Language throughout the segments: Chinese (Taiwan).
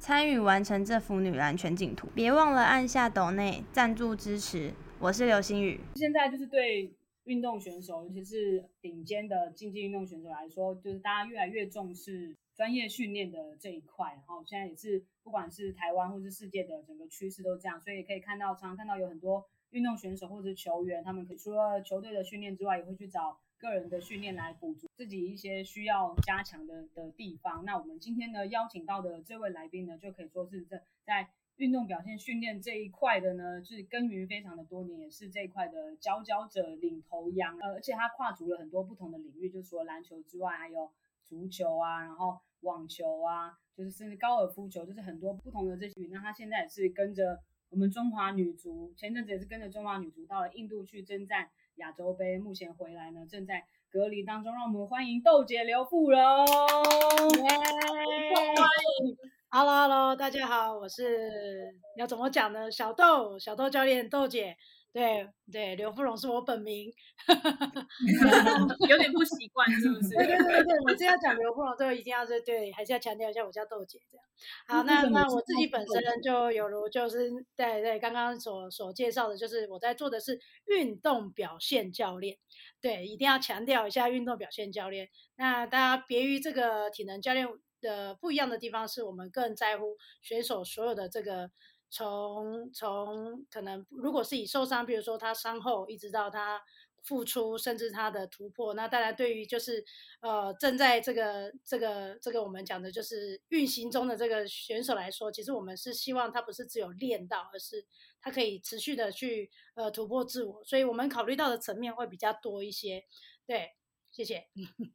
參與完成這幅女籃全景圖，別忘了按下抖內贊助支持。我是流星雨。現在就是對運動選手，尤其是頂尖的競技運動選手來說，就是大家越來越重視專業訓練的這一塊。然後現在也是，不管是台灣或是世界的整個趨勢都這樣，所以可以看到常常看到有很多運動選手或者球員，他們可以除了球隊的訓練之外，也會去找。個人的訓練來補足自己一些需要加強的的地方。那我們今天呢邀請到的這位來賓呢，就可以說是在運動表現訓練這一塊的呢，是耕耘非常的多年，也是這一塊的佼佼者、領頭羊。呃，而且他跨足了很多不同的領域，就除了籃球之外，還有足球啊，然後網球啊，就是甚至高爾夫球，就是很多不同的這些。那他現在也是跟着我們中華女足，前陣子也是跟着中華女足到了印度去征戰。亞洲盃目前回來呢，正在隔離當中。讓我們歡迎豆姐劉馥榕，歡迎 Yeah.，Hello Hello，大家好，我是 Yeah. 要怎麼講呢？小豆，小豆教練，豆姐。對對，劉馥榕是我本名， 有點不習慣， 是不是？ 對對對我 只要講劉馥榕，就一定要對對，還是要強調一下，我叫豆姐這樣。好，嗯、那、嗯、那我自己本身呢，就有如就是在在剛剛所所介紹的，就是我在做的是運動表現教練。對，一定要強調一下運動表現教練。那大家別於這個體能教練的不一樣的地方，是我們更在乎選手所有的這個。從從可能，如果是以受傷，比如說他傷後一直到他復出，甚至他的突破，那當然對於就是呃正在這個這個這個我們講的就是運行中的這個選手來說，其實我們是希望他不是只有練到，而是他可以持續的去呃突破自我，所以我們考慮到的層面會比較多一些。對，謝謝。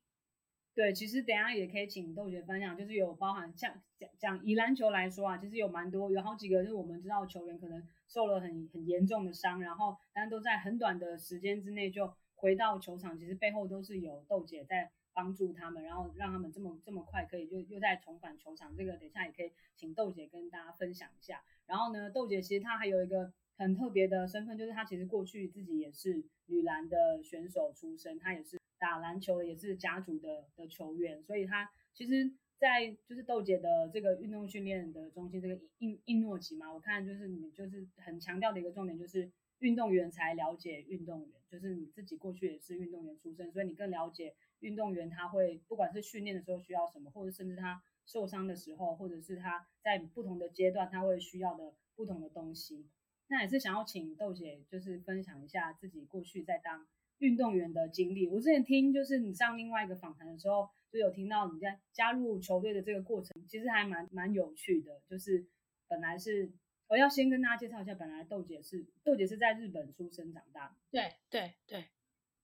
對，其實等一下也可以請豆姐分享，就是有包含像講講以籃球來說啊，其實有蠻多有好幾個，就是我們知道球員可能受了很很嚴重的傷，然後但都在很短的時間之內就回到球場，其實背後都是有豆姐在幫助他們，然後讓他們這麼這麼快可以就又再重返球場。這個等一下也可以請豆姐跟大家分享一下。然後呢，豆姐其實她還有一個很特別的身份，就是她其實過去自己也是女籃的選手出身，她也是。打籃球也是甲組的的球員，所以他其實，在就是豆姐的這個運動訓練的中心這個印印諾吉嘛，我看就是你就是很強調的一個重點，就是運動員才了解運動員，就是你自己過去也是運動員出身，所以你更了解運動員他會不管是訓練的時候需要什麼，或者甚至他受傷的時候，或者是他在不同的階段他會需要的不同的東西。那也是想要請豆姐就是分享一下自己過去在當。運動員的經歷，我之前聽就是你上另外一個訪談的時候，就有聽到你在加入球隊的這個過程，其實還蠻蠻有趣的。就是本來是我要先跟大家介紹一下，本來豆姐是豆姐是在日本出生長大的對。對對對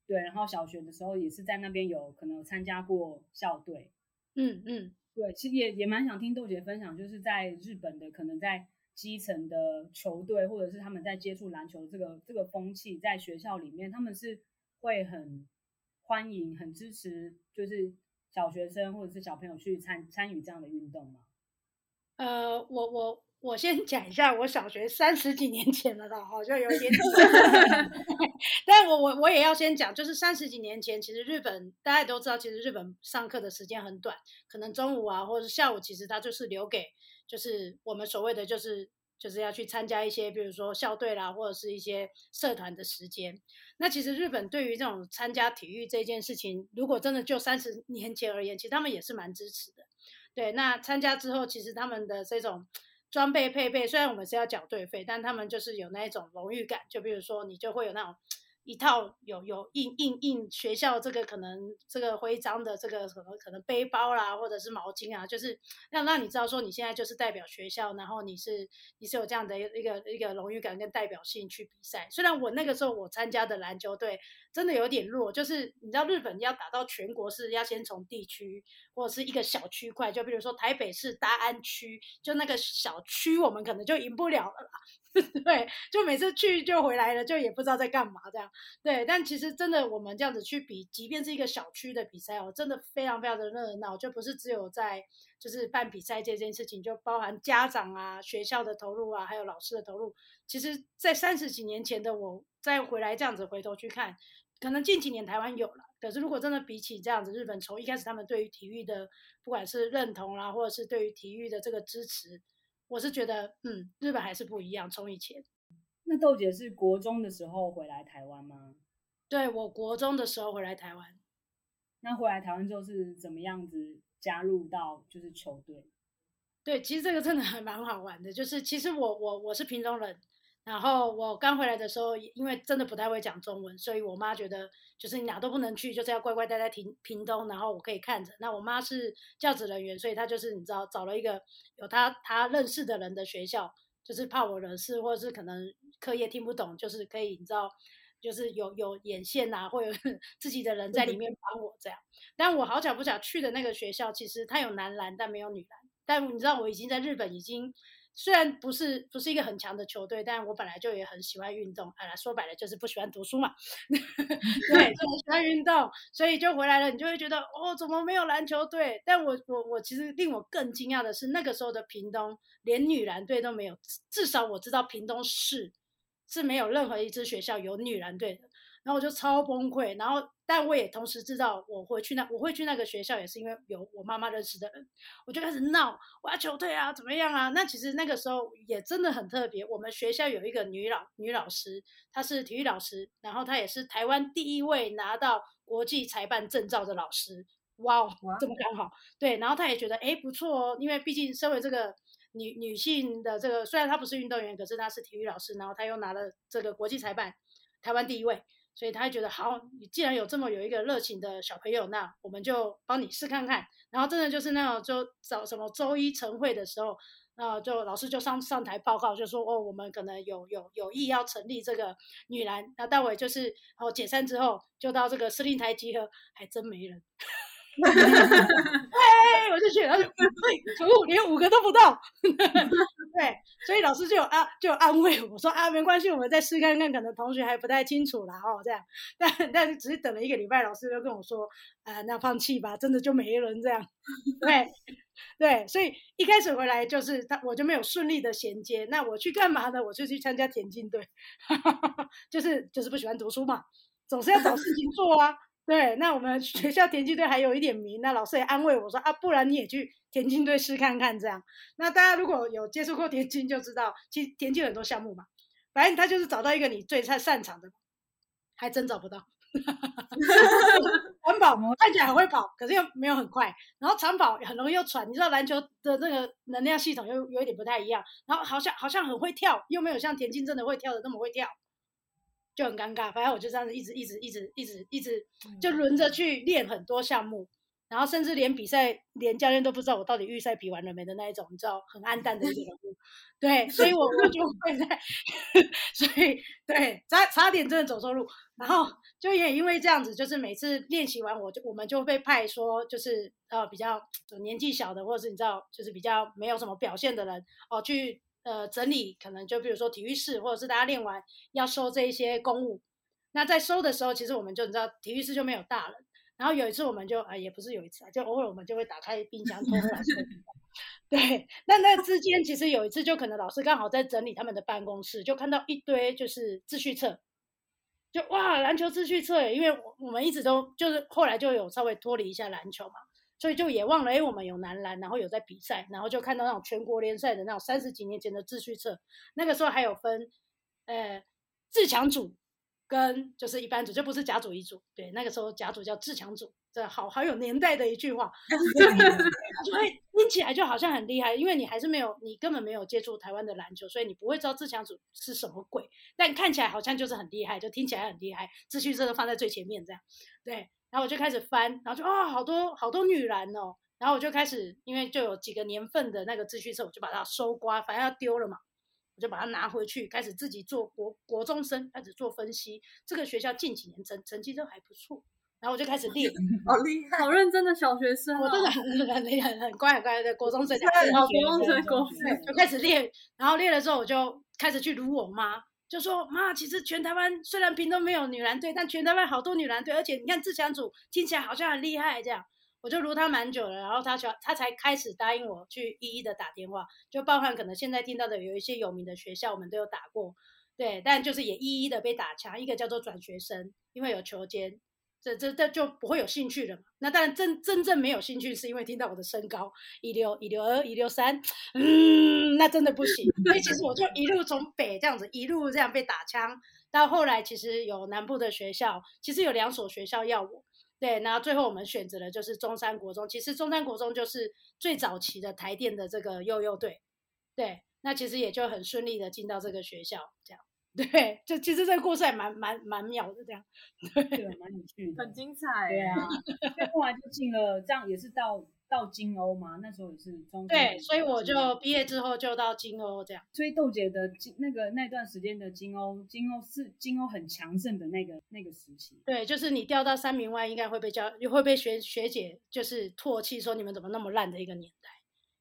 對，然後小學的時候也是在那邊有可能參加過校隊，嗯，嗯嗯，對，其實也也蠻想聽豆姐分享，就是在日本的可能在基層的球隊，或者是他們在接觸籃球的這個這個風氣，在學校裡面他們是。會很歡迎、很支持，就是小學生或者是小朋友去參參與這樣的運動嗎？呃，我我我先講一下，我小學三十幾年前了啦，好像有點， 但我我我也要先講，就是三十幾年前，其實日本大家也都知道，其實日本上課的時間很短，可能中午啊或者是下午，其實它就是留給就是我們所謂的就是。就是要去參加一些，比如說校隊啦，或者是一些社團的時間。那其實日本對於這種參加體育這件事情，如果真的就三十年前而言，其實他們也是蠻支持的。對，那參加之後，其實他們的這種裝備配備，雖然我們是要繳隊費，但他們就是有那一種榮譽感。就比如說，你就會有那種。一套有有印印印學校這個可能這個徽章的這個可能可能背包啦，或者是毛巾啊，就是讓讓你知道說你現在就是代表學校，然後你是你是有這樣的一個一個榮譽感跟代表性去比賽。雖然我那個時候我參加的籃球隊真的有點弱，就是你知道日本要打到全國是要先從地區或者是一個小區塊，就比如說台北市大安區就那個小區，我們可能就贏不了了。 對，就每次去就回來了，就也不知道在幹嘛這樣。對，但其實真的我們這樣子去比，即便是一個小區的比賽哦，真的非常非常的熱鬧，就不是只有在就是辦比賽這件事情，就包含家長啊、學校的投入啊，還有老師的投入。其實，在三十幾年前的我再回來這樣子回頭去看，可能近幾年台灣有了，可是如果真的比起這樣子，日本從一開始他們對於體育的不管是認同啦、啊，或者是對於體育的這個支持。我是覺得，嗯，日本還是不一樣，從以前。那豆姐是國中的時候回來台灣嗎？對，我國中的時候回來台灣。那回來台灣之後是怎麼樣子加入到就是球隊？對，其實這個真的還蠻好玩的，就是其實我我我是屏東人。然後我剛回來的時候，因為真的不太會講中文，所以我媽覺得就是你哪都不能去，就是要乖乖待在屏屏東。然後我可以看着。那我媽是教職人員，所以她就是你知道找了一個有她她認識的人的學校，就是怕我惹事或者是可能課業聽不懂，就是可以你知道就是有有眼線啊，或者自己的人在裡面幫我這樣。的但我好巧不巧去的那個學校，其實它有男籃但沒有女籃。但你知道我已經在日本已經。雖然不是不是一個很強的球隊，但我本來就也很喜歡運動。啊，說白了就是不喜歡讀書嘛。 對，就很喜歡運動，所以就回來了。你就會覺得，哦，怎麼沒有籃球隊？但我我我其實令我更驚訝的是，那個時候的屏東連女籃隊都沒有，至少我知道屏東市是沒有任何一支學校有女籃隊的。然後我就超崩潰，然後，但我也同時知道我會去那，我會去那個學校，也是因為有我媽媽認識的人，我就開始鬧，我要求退啊，怎麼樣啊？那其實那個時候也真的很特別。我們學校有一個女老女老師，她是體育老師，然後她也是台灣第一位拿到國際裁判證照的老師。哇哦，這麼剛好，哇對，然後她也覺得哎不錯哦，因為畢竟身為這個女女性的這個，雖然她不是運動員，可是她是體育老師，然後她又拿了這個國際裁判，台灣第一位。所以他覺得好，你既然有這麼有一個熱情的小朋友，那我們就幫你試看看。然後真的就是那種，就找什麼周一晨會的時候，那就老師就上上台報告，就說哦，我們可能有有有意要成立這個女籃。那待會就是哦解散之後，就到這個司令台集合，還真沒人。哈哈哈！我就去，就所以、呃、連五個都不到，哈哈。對，所以老師就有啊，就有安慰我，我說啊，沒關係，我們再試試看看，可能同學還不太清楚啦。哦，這樣。但但只是等了一個禮拜，老師就跟我說啊，呃，那放棄吧，真的就沒人這樣。對對，所以一開始回來就是他，我就沒有順利的銜接。那我去幹嘛呢？我就去參加田徑隊，哈哈， 就是就是不喜歡讀書嘛，總是要找事情做啊。 對，那我們學校田徑隊還有一點名，那老師也安慰我說啊，不然你也去田徑隊試看看這樣。那大家如果有接觸過田徑，就知道其實田徑很多項目嘛，反正他就是找到一個你最擅擅長的，還真找不到。短跑， 看起來很會跑，可是又沒有很快。然後長跑很容易又喘，你知道籃球的那個能量系統又有一點不太一樣。然後好像好像很會跳，又沒有像田徑真的會跳的那麼會跳。就很尷尬，反正我就這樣子一直一直一直一直一直就輪着去練很多項目，嗯、然後甚至連比賽、嗯、連教練都不知道我到底預賽比完了沒的那一種，你知道很黯淡的一種。 對，所以我就會在， 所以對，差差點真的走錯路，然後就也因為這樣子，就是每次練習完我就我們就被派說就是呃比較年紀小的或者是你知道就是比較沒有什麼表現的人哦、呃、去。呃，整理可能就比如說體育室，或者是大家練完要收這一些公物。那在收的時候，其實我們就你知道體育室就沒有大人。然後有一次，我們就啊也不是有一次啊，就偶爾我們就會打開冰箱偷懶。來 對，那那之間其實有一次，就可能老師剛好在整理他們的辦公室，就看到一堆就是秩序冊，就哇籃球秩序冊，因為我我們一直都就是後來就有稍微脫離一下籃球嘛。所以就也忘了，哎、欸，我們有男籃，然後有在比賽，然後就看到那種全國聯賽的那種三十幾年前的秩序冊，那個時候還有分，呃，自強組跟就是一般組，就不是甲組乙組。對，那個時候甲組叫自強組，這好好有年代的一句話，所以聽起來就好像很厲害，因為你還是沒有，你根本沒有接觸台灣的籃球，所以你不會知道自強組是什麼鬼，但看起來好像就是很厲害，就聽起來很厲害，秩序冊都放在最前面這樣，對。然後我就開始翻，然後就啊、哦，好多好多女籃哦。然後我就開始，因為就有幾個年份的那個秩序冊，我就把它收刮，反正要丟了嘛，我就把它拿回去，開始自己做國國中生，開始做分析。這個學校近幾年成成績都還不錯。然後我就開始練， 好厲害，好認真的小學生，哦，我真的很很厲很很乖很乖的國中生。國中生，國就開始練。然後練了之後，我就開始去擼我媽。就說嘛，其實全台灣雖然平都沒有女籃隊，但全台灣好多女籃隊，而且你看志強組聽起來好像很厲害這樣，我就盧他蠻久了，然後他才他才開始答應我去一一的打電話，就包含可能現在聽到的有一些有名的學校，我們都有打過，對，但就是也一一的被打槍，一個叫做轉學生，因為有球監。這這這就不會有興趣了嘛。那當然真，真真正沒有興趣，是因為聽到我的身高一六一六二一六三，嗯，那真的不行。所以其實我就一路從北這樣子，一路這樣被打槍，到後來其實有南部的學校，其實有兩所學校要我。對，那最後我們選擇了就是中山國中。其實中山國中就是最早期的台電的這個幼幼隊。對，那其實也就很順利的進到這個學校這樣。對，就其實這個故事還蠻蠻蠻，蠻妙的，就這樣，對，對，蠻有趣的，很精彩，對啊，就後來就進了，這樣也是到到金甌嘛，那時候也是中學，對，所以我就畢業之後就到金甌，對到金甌這樣。所以豆姐的金那個那段時間的金甌，金甌是金甌很強盛的那個那個時期。對，就是你掉到三名外，應該會被教，會被學學姐就是唾棄說你們怎麼那麼爛的一個年代。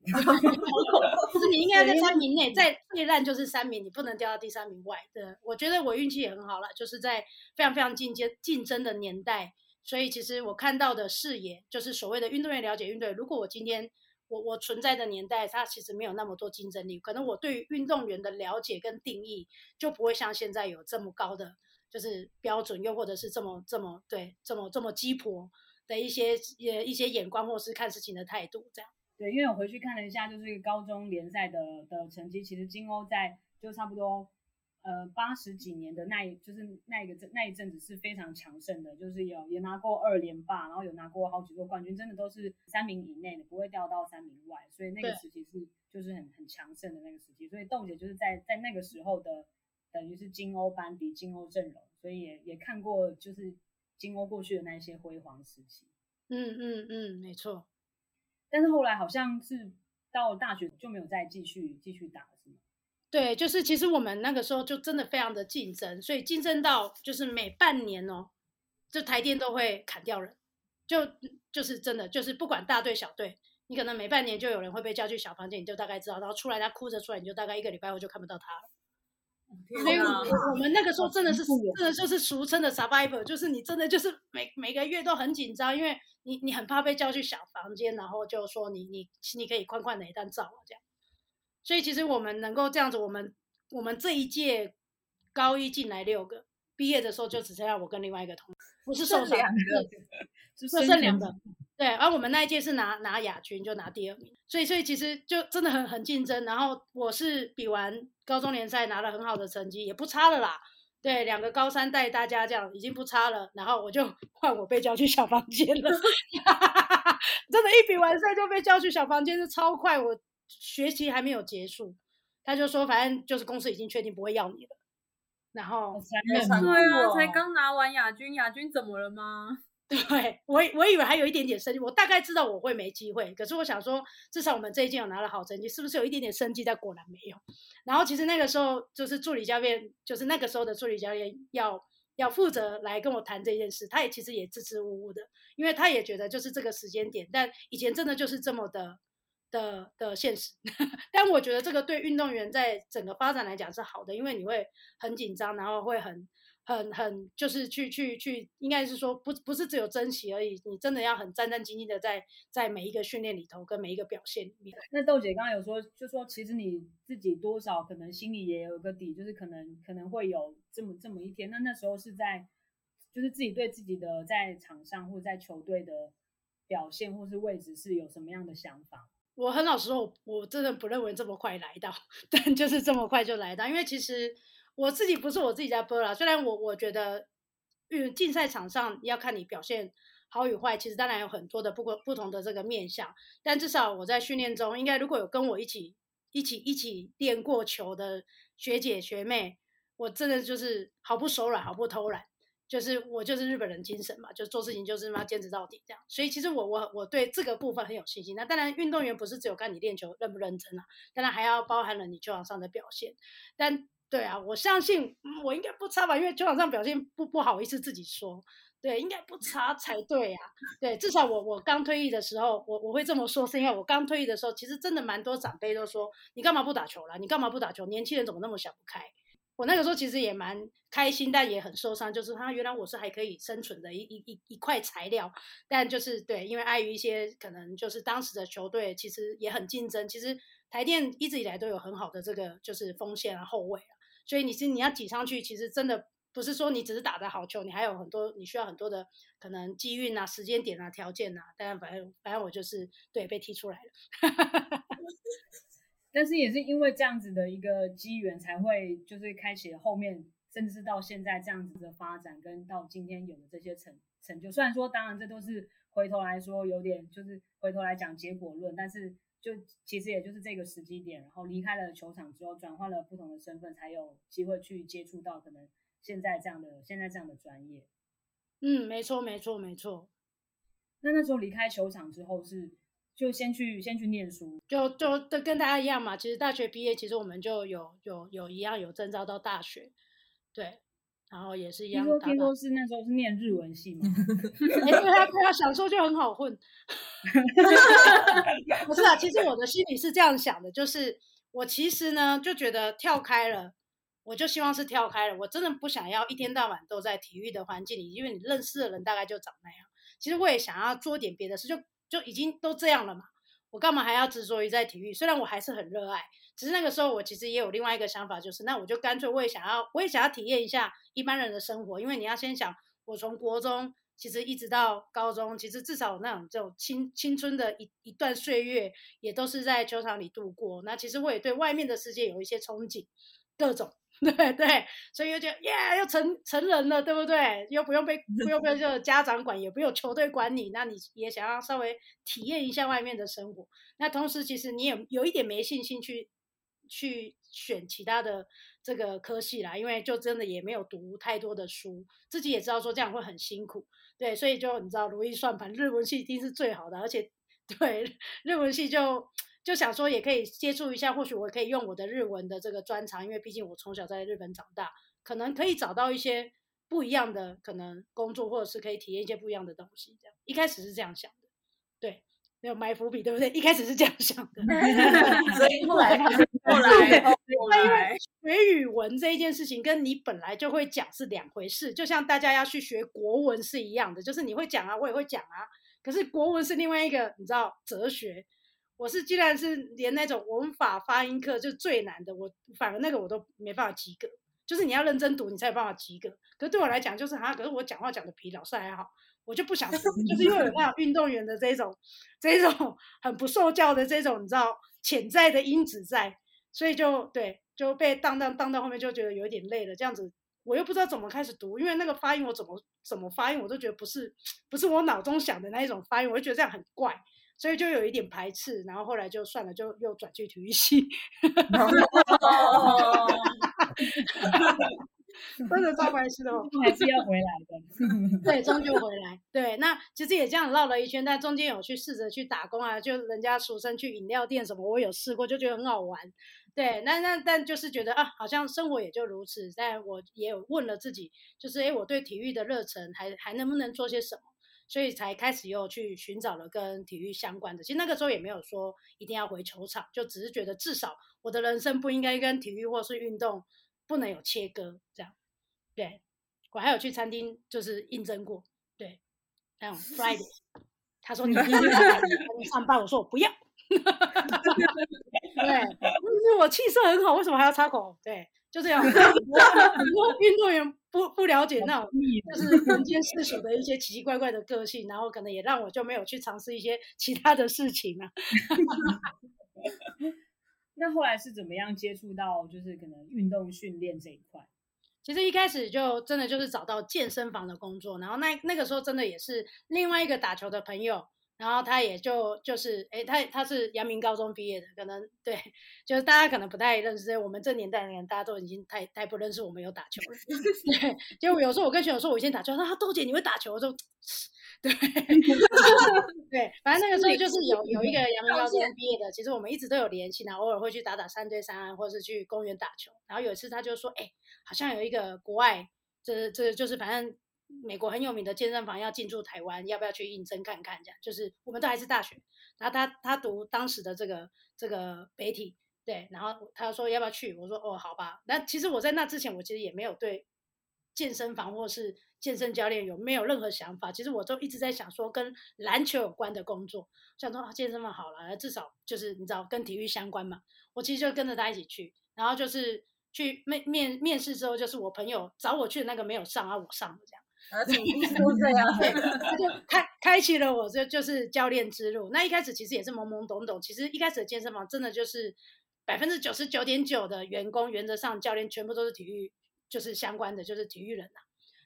就 是你應該要在三名內，在最爛就是三名，你不能掉到第三名外。對，我覺得我運氣也很好了，就是在非常非常競爭競爭的年代，所以其實我看到的視野就是所謂的運動員了解運動員，如果我今天我我存在的年代，它其實沒有那麼多競爭力，可能我對運動員的了解跟定義就不會像現在有這麼高的就是標準，又或者是這麼這麼對這麼這麼雞婆的一些一些眼光或是看事情的態度這樣。對，因為我回去看了一下，就是高中聯賽的的成績，其實金甌在就差不多，呃，八十幾年的那一，就是那一個那一陣子是非常強盛的，就是有也拿過二連霸，然後有拿過好幾個冠軍，真的都是三名以內的，不會掉到三名外，所以那個時期是就是很對很強盛的那個時期，所以豆姐就是在在那個時候的，等於是金甌班底金甌陣容，所以也也看過就是金甌過去的那些輝煌時期。嗯嗯嗯，沒錯。但是後來好像是到大學就沒有再繼續繼續打了，是嗎？對，就是其實我們那個時候就真的非常的競爭，所以競爭到就是每半年哦，就淘汰都會砍掉人，就就是真的就是不管大隊小隊，你可能每半年就有人會被叫去小房間，你就大概知道，然後出來他哭着出來，你就大概一個禮拜後就看不到他了。所以天哪，我們那個時候真的是、哦、真的就是俗稱的 survivor，、嗯、就是你真的就是每每個月都很緊張，因為。你你很怕被叫去小房間，然後就說，你你你可以快快哪一張照啊這樣。所以其實我們能夠這樣子，我們我們這一屆高一進來六個，畢業的時候就只剩下我跟另外一個同學，不是受傷，兩個，只剩兩個。對，而、啊、我們那一屆是拿拿亞軍，就拿第二名。所以所以其實就真的很很競爭。然後我是比完高中聯賽拿了很好的成績，也不差了啦。對，兩個高三帶大家這樣已經不差了，然後我就換我被叫去小房間了， 真的，一比完賽就被叫去小房間，是超快。我學習還沒有結束，他就說反正就是公司已經確定不會要你了，然後才對啊，才剛拿完亞軍，亞軍怎麼了嗎？對，我我以為還有一點點生機，我大概知道我會沒機會，可是我想說，至少我們這一屆有拿了好成績，是不是有一點點生機？但果然沒有。然後其實那個時候就是助理教練，就是那個時候的助理教練要要負責來跟我談這件事，他也其實也支支吾吾的，因為他也覺得就是這個時間點，但以前真的就是這麼的的的現實。 但我覺得這個對運動員在整個發展來講是好的，因為你會很緊張，然後會很。很很就是去去去，應該是說不不是只有珍惜而已，你真的要很戰戰兢兢的在在每一個訓練裡頭跟每一個表現裡面。那豆姐剛剛有說，就說其實你自己多少可能心裡也有個底，就是可能可能會有這麼這麼一天。那那時候是在就是自己對自己的在場上或在球隊的表現或是位置是有什麼樣的想法？我很老實說我，我真的不認為這麼快來到，但就是這麼快就來到，因為其實。我自己不是我自己在播啦，雖然我我覺得，運競賽場上要看你表現好與壞，其實當然有很多的不過不同的這個面向，但至少我在訓練中，應該如果有跟我一起一起一起,一起練過球的學姐學妹，我真的就是毫不手軟，毫不偷懶，就是我就是日本人精神嘛，就做事情就是要堅持到底這樣。所以其實我我我對這個部分很有信心。那當然，運動員不是只有看你練球認不認真啊，當然還要包含了你球場上的表現，但。對啊，我相信，嗯，我應該不差吧，因為球場上表現不不好意思自己說，對，應該不差才對啊。對，至少我我剛退役的時候，我我會這麼說，是因為我剛退役的時候，其實真的蠻多長輩都說，你幹嘛不打球啦？你幹嘛不打球？年輕人怎麼那麼想不開？我那個時候其實也蠻開心，但也很受傷，就是他原來我是還可以生存的一一一一塊材料，但就是對，因為礙於一些可能就是當時的球隊其實也很競爭，其實台電一直以來都有很好的這個就是鋒線啊後衛啊。所以你是你要擠上去，其實真的不是說你只是打得好球，你還有很多你需要很多的可能機運啊、時間點啊、條件啊。當然，反正反正我就是對被踢出來了。 但是也是因為這樣子的一個機緣，才會就是開啟後面，甚至是到現在這樣子的發展，跟到今天有的這些成成就。雖然說，當然這都是回頭來說有點就是回頭來講結果論，但是。就其實也就是這個時機點，然後離開了球場之後，轉換了不同的身份，才有機會去接觸到可能現在這樣的現在這樣的專業。嗯，沒錯沒錯沒錯。沒錯，那那時候離開球場之後是就先去先去念書，就就跟大家一樣嘛。其實大學畢業，其實我們就有有有一樣有徵召到大學，對，然後也是一樣打打。聽說聽說是那時候是念日文系嗎？因為、 欸、他他小時候就很好混。 不是啊，其實我的心裡是這樣想的，就是我其實呢就覺得跳開了，我就希望是跳開了，我真的不想要一天到晚都在體育的環境裡，因為你認識的人大概就長那樣。其實我也想要做點別的事，就就已經都這樣了嘛，我幹嘛還要執着於在體育？雖然我還是很熱愛，只是那個時候我其實也有另外一個想法，就是那我就乾脆我也想要，我也想要體驗一下一般人的生活，因為你要先想我從國中。其實一直到高中，其實至少那種這種青青春的一一段歲月，也都是在球場裡度過。那其實我也對外面的世界有一些憧憬，各種，對對，所以又覺得耶，yeah, 又成成人了，對不對？又不用被不用被這個家長管，也不用球隊管你。那你也想要稍微體驗一下外面的生活。那同時，其實你也有一點沒信心去去選其他的這個科系啦，因為就真的也沒有讀太多的書，自己也知道說這樣會很辛苦。對，所以就你知道，如意算盤，日文系一定是最好的，而且，對，日文系就就想說也可以接觸一下，或許我可以用我的日文的這個專長，因為畢竟我從小在日本長大，可能可以找到一些不一樣的可能工作，或者是可以體驗一些不一樣的東西。這樣，一開始是這樣想的，對。沒有埋伏筆，對不對？一開始是這樣想的， 所以後來過來，那因為學語文這一件事情跟你本來就會講是兩回事，就像大家要去學國文是一樣的，就是你會講啊，我也會講啊，可是國文是另外一個，你知道，哲學，我是既然是連那種文法、發音課就最難的，我反而那個我都沒辦法及格，就是你要認真讀，你才有辦法及格。可是對我來講，就是啊，可是我講話講的比老師還好。我就不想， 就是又有那種運動員的這種， 這種很不受教的這種，你知道潛在的因子在，所以就對，就被當當當到後面就覺得有點累了，這樣子。我又不知道怎麼開始讀，因為那個發音我怎麼怎麼發音我都覺得不是，不是我腦中想的那一種發音，我就覺得這樣很怪，所以就有一點排斥。然後後來就算了，就又轉去體育系。真的超開心的， 還是要回來的。 對，終究回來。對，那其實也這樣繞了一圈，但中間有去試着去打工啊，就人家俗稱去飲料店什麼，我有試過，就覺得很好玩。對，那那但就是覺得啊，好像生活也就如此。但我也有問了自己，就是哎，我對體育的熱忱還還能不能做些什麼？所以才開始又去尋找了跟體育相關的。其實那個時候也沒有說一定要回球場，就只是覺得至少我的人生不應該跟體育或是運動。不能有切割，這樣，對，我還有去餐廳就是應徵過，對，那種 Friday，他說你一定要來公司上班，我說我不要， 對，那、就是、我氣色很好，為什麼還要擦口紅？對，就這樣。然後運動員不不了解那種就是人間世俗的一些奇奇怪怪的個性，然後可能也讓我就沒有去嘗試一些其他的事情了、啊。 那後來是怎麼樣接觸到就是可能運動訓練這一塊？其實一開始就真的就是找到健身房的工作，然後那那個時候真的也是另外一個打球的朋友。然後他也就就是，哎、欸，他他是陽明高中畢業的，可能對，就是大家可能不太認識，我們這年代的人，大家都已經太太不認識我們有打球了。對，就有時候我跟學友說，我以前打球，他說、哦：“豆姐，你會打球？”我說：“對，對。對”反正那個時候就是有有一個陽明高中畢業的，其實我們一直都有聯繫呢，然後偶爾會去打打三對三，或是去公園打球。然後有一次他就說：“哎、欸，好像有一個國外，這、就、這、是、就是反正。”美國很有名的健身房要進駐台灣，要不要去應徵看看？這樣就是我們都還是大學，然後他他讀當時的這個這個北體，對，然後他說要不要去？我說哦好吧。那其實我在那之前，我其實也沒有對健身房或是健身教練有沒有任何想法。其實我就一直在想說跟籃球有關的工作，想說啊、哦、健身房好了，至少就是你知道跟體育相關嘛。我其實就跟着他一起去，然後就是去面面面試之後，就是我朋友找我去的那個沒有上啊，我上了這樣。而主力都這樣，對，他就開開啟了我，就就是教練之路。 那一開始其實也是懵懵懂懂，其實一開始的健身房真的就是百分之九十九點九的員工，原則上教練全部都是體育，就是相關的，就是體育人吶、啊。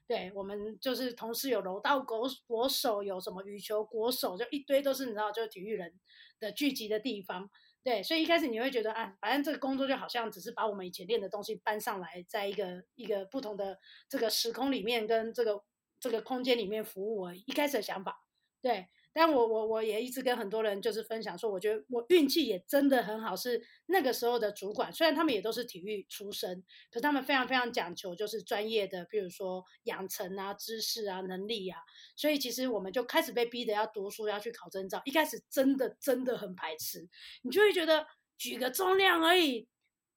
對，我們就是同事有柔道國國手，有什麼羽球國手，就一堆都是你知道，就是體育人的聚集的地方。對，所以一開始你會覺得啊，反正這個工作就好像只是把我們以前練的東西搬上來，在一個一個不同的這個時空裡面跟這個。這個空間裡面服務我一開始的想法，對，但我我我也一直跟很多人就是分享說，我覺得我運氣也真的很好，是那個時候的主管，雖然他們也都是體育出身，可他們非常非常講求就是專業的，比如說養成啊、知識啊、能力啊，所以其實我們就開始被逼得要讀書，要去考證照。一開始真的真的很排斥，你就會覺得舉個重量而已，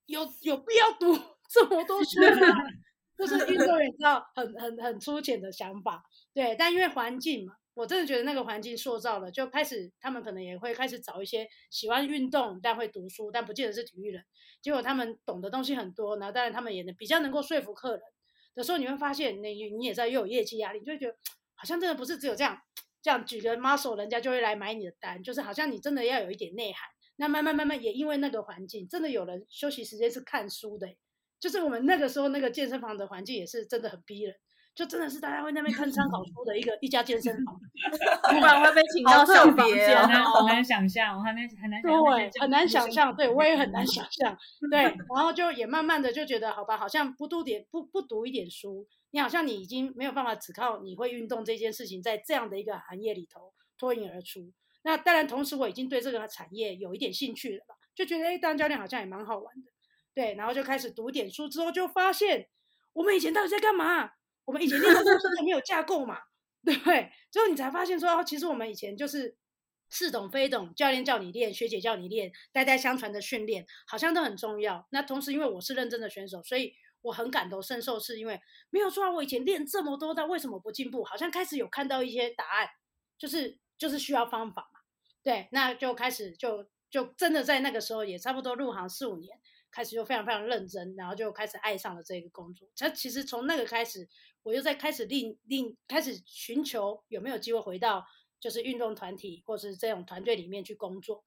有有必要讀這麼多書嗎？ 就是運動員知道很很很粗淺的想法，對，但因為環境嘛，我真的覺得那個環境塑造了，就開始他們可能也會開始找一些喜歡運動但會讀書，但不見得是體育人，結果他們懂的東西很多，然後當然他們也能比較能夠說服客人。有的時候你會發現你，你你也在又有業績壓力，就會覺得好像真的不是只有這樣這樣舉着 muscle 人家就會來買你的單，就是好像你真的要有一點內涵。那慢慢慢慢也因為那個環境，真的有人休息時間是看書的、欸。就是我們那個時候，那個健身房的環境也是真的很逼人，就真的是大家會那邊看參考書的一個一家健身房， 不然會被請到上房間，好特別，哦。然後，很難想象， 我還沒，很難很難想象，對我也很難想象。對，然後就也慢慢的就覺得，好吧，好像不讀點不不讀一點書，你好像你已經沒有辦法只靠你會運動這件事情，在這樣的一個行業裡頭脫穎而出。那當然，同時我已經對這個產業有一點興趣了吧，就覺得哎、欸，當教練好像也蠻好玩的。對，然後就開始讀點書，之後就發現我們以前到底在幹嘛？我們以前練這麼多真的沒有架構嘛？對不 對？之後你才發現說，哦，其實我們以前就是似懂非懂，教練叫你練，學姐叫你練，代代相傳的訓練好像都很重要。那同時，因為我是認真的選手，所以我很感同身受，是因為沒有錯啊，我以前練這麼多，但為什麼不進步？好像開始有看到一些答案，就是就是需要方法嘛。對，那就開始就就真的在那個時候也差不多入行四五年。開始就非常非常認真，然後就開始愛上了這個工作。那其實從那個開始，我又在開始另另開始尋求有沒有機會回到就是運動團體或是這種團隊裡面去工作。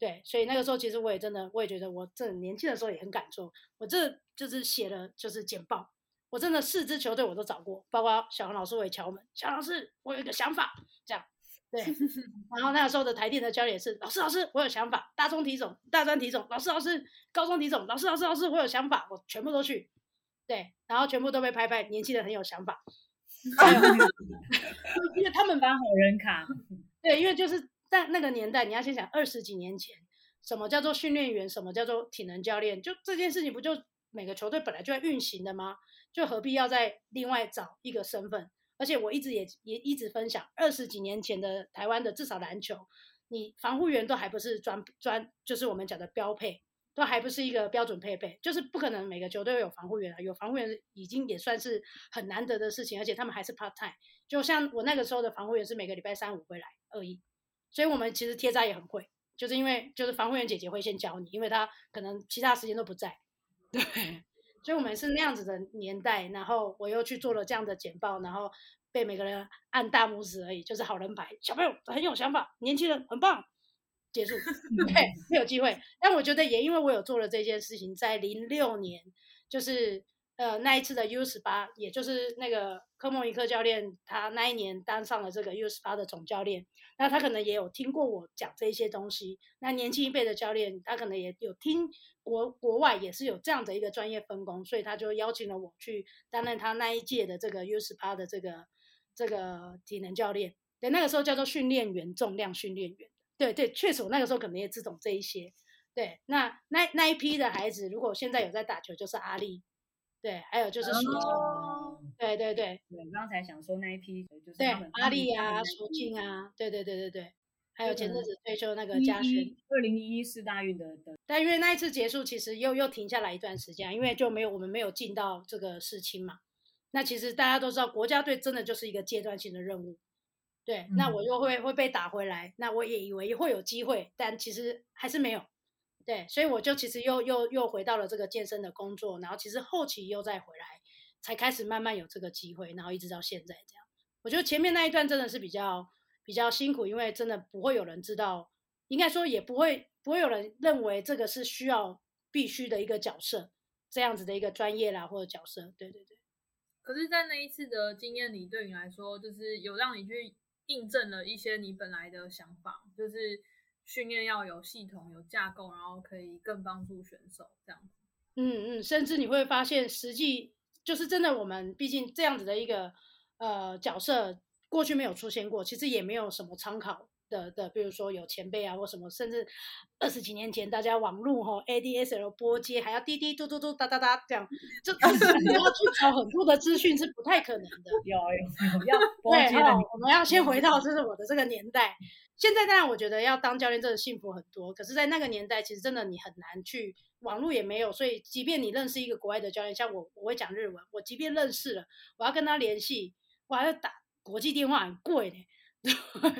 對，所以那個時候其實我也真的，我也覺得我這年輕的時候也很敢做。我這就是寫了就是簡報，我真的四支球隊我都找過，包括小洪老師我也敲門。小洪老師，我有一個想法，這樣。對，是是是，然後那個時候的台電的教練是 老師，老師我有想法，大專體總，大專體總，老師，老師，高中體總，老師，老師，老師，我有想法，我全部都去，對，然後全部都被拍拍，年輕人很有想法。哈，因為他們把好人卡， 對，因為就是在那個年代，你要先想二十幾年前，什麼叫做訓練員，什麼叫做體能教練，就這件事情不就每個球隊本來就要運行的嗎？就何必要再另外找一個身份？而且我一直也也一直分享，二十幾年前的台灣的至少籃球，你防護員都還不是專專，就是我們講的標配，都還不是一個標準配備，就是不可能每個球隊都有防護員啊，有防護員已經也算是很難得的事情，而且他們還是 part time。就像我那個時候的防護員是每個禮拜三五回來而已，所以我們其實貼扎也很會，就是因為就是防護員姐姐會先教你，因為她可能其他時間都不在。對。所以我們是那樣子的年代，然後我又去做了這樣的簡報，然後被每個人按大拇指而已，就是好人牌。小朋友很有想法，年輕人很棒，結束。 對，沒有機會。但我覺得也因為我有做了這件事情，在零六年就是。呃，那一次的 U 十八，也就是那個科莫尼克教練，他那一年當上了這個 U 十八的總教練。那他可能也有聽過我講這一些東西。那年輕一輩的教練，他可能也有聽國國外也是有這樣的一個專業分工，所以他就邀請了我去擔任他那一屆的這個 U 十八的這個這個體能教練。對，那個時候叫做訓練員，重量訓練員。對對，確實我那個時候可能也只懂這一些。對，那那那一批的孩子，如果現在有在打球，就是阿力。對，還有就是說，靜，oh、no. 對,對對對，我們剛才想說那一批，就是對阿麗啊、蘇靜啊，對對對對對,對對對對，還有前陣子退休那個嘉軒，二零一四大運的的，但因為那一次結束，其實又又停下來一段時間，因為就沒有我們沒有進到這個世青嘛。那其實大家都知道，國家隊真的就是一個階段性的任務，對，嗯、那我又會會被打回來，那我也以為會有機會，但其實還是沒有。對，所以我就其實又又又回到了這個健身的工作，然後其實後期又再回來，才開始慢慢有這個機會，然後一直到現在這樣。我覺得前面那一段真的是比較比較辛苦，因為真的不會有人知道，應該說也不會不會有人認為這個是需要必須的一個角色，這樣子的一個專業啦或者角色。對對對。可是在那一次的經驗裡，對你來說，就是有讓你去印證了一些你本來的想法，就是。訓練要有系統、有架構，然後可以更幫助選手這樣子。嗯嗯，甚至你會發現，實際就是真的，我們畢竟這樣子的一個呃角色，過去沒有出現過，其實也沒有什麼參考。的的，比如說有前輩啊或什麼，甚至二十幾年前大家網絡哈、哦、ADSL 撥接還要滴滴嘟嘟嘟噠噠噠這樣，就你要去找很多的資訊是不太可能的。 有有，有要撥 對， 我們要先回到就是我的這個年代。 現在當然我覺得要當教練真的幸福很多，可是，在那個年代其實真的你很難去網絡也沒有，所以即便你認識一個國外的教練，像我我會講日文，我即便認識了，我要跟他聯繫，我還要打國際電話很貴的、欸。對，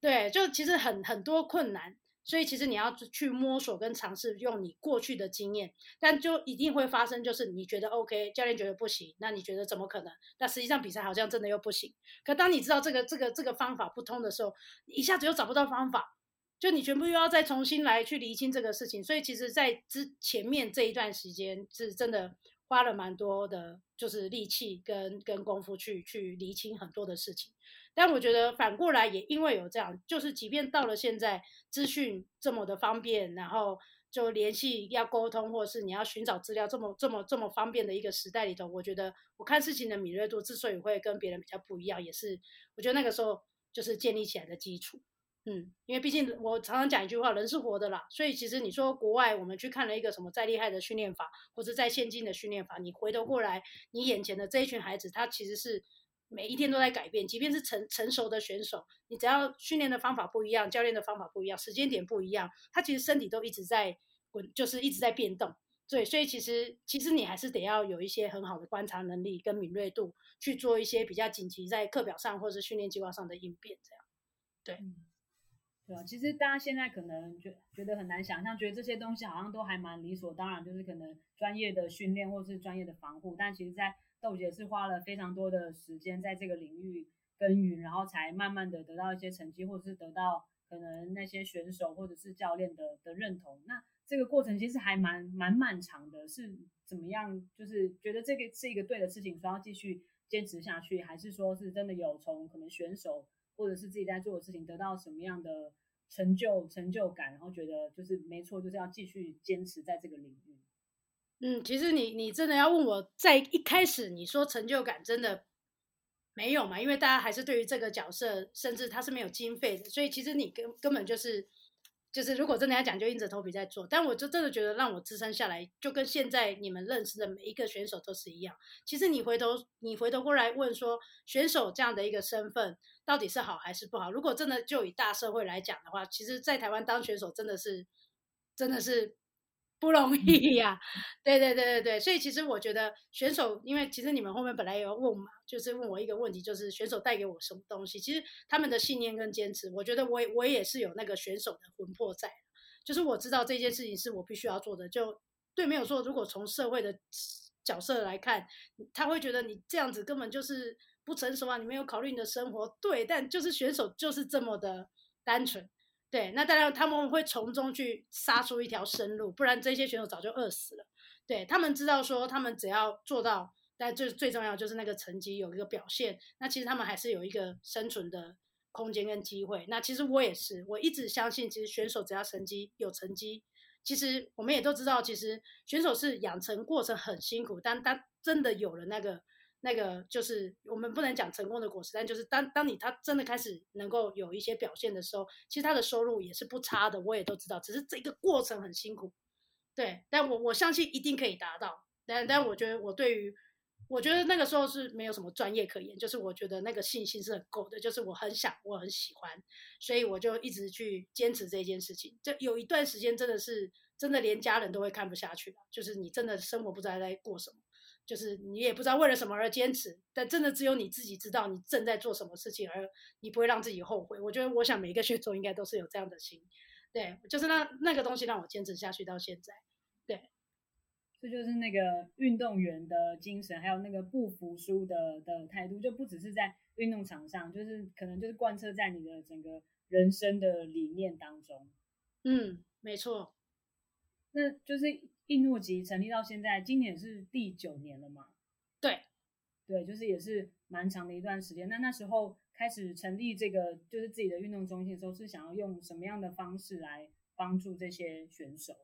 對，就其實很很多困難，所以其實你要去摸索跟嘗試用你過去的經驗，但就一定會發生，就是你覺得 OK，教練覺得不行，那你覺得怎麼可能？但實際上比賽好像真的又不行。可當你知道這個這個這個方法不通的時候，一下子又找不到方法，就你全部又要再重新來去釐清這個事情。所以其實，在之前面這一段時間是真的花了蠻多的。就是力氣跟跟功夫去去釐清很多的事情，但我覺得反過來也因為有這樣，就是即便到了現在資訊這麼的方便，然後就聯繫要溝通或者是你要尋找資料這麼這麼這麼方便的一個時代裡頭，我覺得我看事情的敏銳度之所以會跟別人比較不一樣，也是我覺得那個時候就是建立起來的基礎。嗯，因為畢竟我常常講一句話，人是活的啦，所以其實你說國外我們去看了一個什麼再厲害的訓練法，或者再先進的訓練法，你回頭過來，你眼前的這一群孩子，他其實是每一天都在改變，即便是成成熟的選手，你只要訓練的方法不一樣，教練的方法不一樣，時間點不一樣，他其實身體都一直在滾，就是一直在變動。對，所以其實其實你還是得要有一些很好的觀察能力跟敏銳度，去做一些比較緊急在課表上或者是訓練計劃上的應變，這樣，對。嗯對啊，其實大家現在可能覺覺得很難想象，覺得這些東西好像都還蠻理所當然，就是可能專業的訓練或者是專業的防護。但其實，在豆姐是花了非常多的時間在這個領域耕耘，然後才慢慢的得到一些成績，或者是得到可能那些選手或者是教練的的認同。那這個過程其實還蠻蠻漫長的，是怎麼樣？就是覺得這個是一個對的事情，說要繼續堅持下去，還是說是真的有從可能選手？或者是自己在做的事情得到什麼樣的成就，成就感，然後覺得就是沒錯，就是要繼續堅持在這個領域。嗯，其實你你真的要問我在一開始，你說成就感真的沒有嘛。因為大家還是對於這個角色，甚至他是沒有經費的，所以其實你根根本就是。就是如果真的要講，就硬着頭皮在做。但我就真的覺得，讓我支撐下來，就跟現在你們認識的每一個選手都是一樣。其實你回頭，你回頭過來問說，選手這樣的一個身份到底是好還是不好？如果真的就以大社會來講的話，其實，在台灣當選手真的是，真的是。不容易呀，對對對對對，所以其實我覺得選手，因為其實你們後面本來也要問嘛，就是問我一個問題，就是選手帶給我什麼東西？其實他們的信念跟堅持，我覺得我我也是有那個選手的魂魄在，就是我知道這件事情是我必須要做的。就，對，沒有說如果從社會的角色來看，他會覺得你這樣子根本就是不成熟啊，你沒有考慮你的生活。對，但就是選手就是這麼的單純。對，那當然他們會從中去殺出一條生路，不然這些選手早就餓死了。對，他們知道說，他們只要做到，但最，最重要就是那個成績有一個表現，那其實他們還是有一個生存的空間跟機會。那其實我也是，我一直相信，其實選手只要成績有成績，其實我們也都知道，其實選手是養成過程很辛苦，但但真的有了那個。那個就是我們不能講成功的果實，但就是當當你他真的開始能夠有一些表現的時候，其實他的收入也是不差的，我也都知道。只是這個過程很辛苦，對。但我我相信一定可以達到。但但我覺得我對於，我覺得那個時候是沒有什麼專業可言，就是我覺得那個信心是很夠的，就是我很想，我很喜歡，所以我就一直去堅持這件事情。這有一段時間真的是真的連家人都會看不下去，就是你真的生活不知道在，在過什麼。就是你也不知道為了什麼而堅持，但真的只有你自己知道你正在做什麼事情，而你不會讓自己後悔。我覺得，我想每一個選手應該都是有這樣的心，對，就是那那個東西讓我堅持下去到現在。對，這就是那個運動員的精神，還有那個不服輸的的態度，就不只是在運動場上，就是可能就是貫徹在你的整個人生的理念當中。嗯，沒錯，那就是。印度籍成立到現在，今年是第九年了嘛？對，對，就是也是蠻長的一段時間。那那時候開始成立這個，就是自己的運動中心的時候，是想要用什麼樣的方式來幫助這些選手？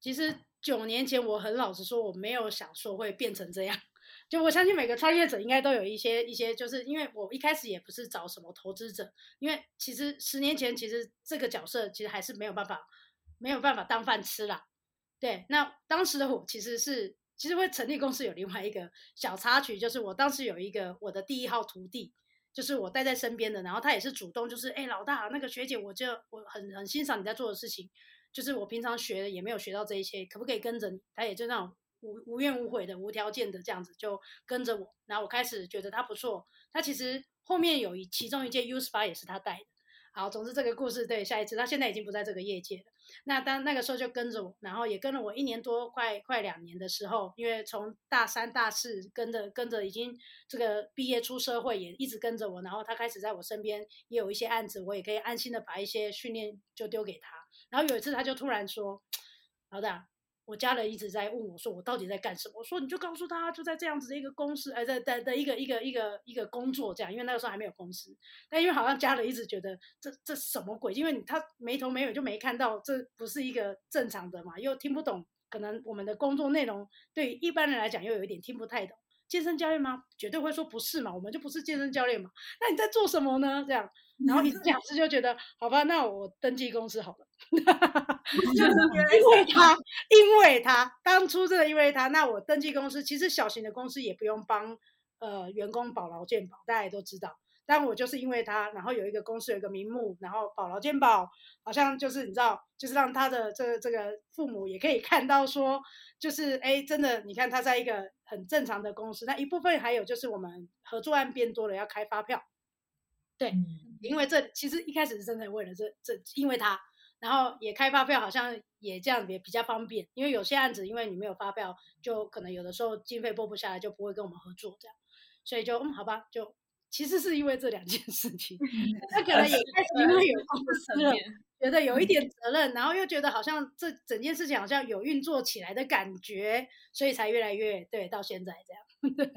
其實九年前，我很老實說，我沒有想說會變成這樣。就我相信每個創業者應該都有一些一些，就是因為我一開始也不是找什麼投資者，因為其實十年前，其實這個角色其實還是沒有辦法，沒有辦法當飯吃啦。對，那當時的我其實是，其實會成立公司有另外一個小插曲，就是我當時有一個我的第一號徒弟，就是我帶在身邊的，然後他也是主動，就是哎，老大那個學姐，我就我很很欣賞你在做的事情，就是我平常學的也沒有學到這一些，可不可以跟着你？他也就那種無無怨無悔的、無條件的這樣子就跟着我，然後我開始覺得他不錯，他其實後面有一其中一屆 U18 也是他帶的。好，總之這個故事，對下一次他現在已經不在這個業界了。那當那個時候就跟着我，然後也跟了我一年多，快快兩年的時候，因為從大三、大四跟着跟着已經這個畢業出社會，也一直跟着我。然後他開始在我身邊也有一些案子，我也可以安心的把一些訓練就丟給他。然後有一次他就突然說：“老大。”我家人一直在問我，說我到底在幹什麼？我說你就告訴他，就在這樣子的一個公司，哎，在在的一個，一個一個一個一個工作這樣。因為那個時候還沒有公司，但因為好像家人一直覺得這這什麼鬼？因為他沒頭沒尾，就沒看到這不是一個正常的嘛，又聽不懂，可能我們的工作內容對一般人來講又有一點聽不太懂，健身教練嗎？絕對會說不是嘛，我們就不是健身教練嘛。那你在做什麼呢？這樣，然後你這樣子就覺得，好吧，那我登記公司好了。 哈哈哈哈就是因為他，因為他當初真的因為他，那我登記公司，其實小型的公司也不用幫呃員工保勞健保，大家也都知道。但我就是因為他，然後有一個公司有一個名目，然後保勞健保，好像就是你知道，就是讓他的這個這個父母也可以看到說，就是哎、欸，真的，你看他在一個很正常的公司。那一部分還有就是我們合作案變多了，要開發票。對，因為這其實一開始是真的為了這這，因為他。然後也開發票，好像也這樣，也比較方便。因為有些案子，因為你沒有發票，就可能有的時候經費撥不下來，就不會跟我們合作這樣。所以就嗯，好吧，就其實是因為這兩件事情，他、嗯、可能也開始對因為有公司對覺得有一點責任，嗯、然後又覺得好像這整件事情好像有運作起來的感覺，所以才越來越對到現在這樣。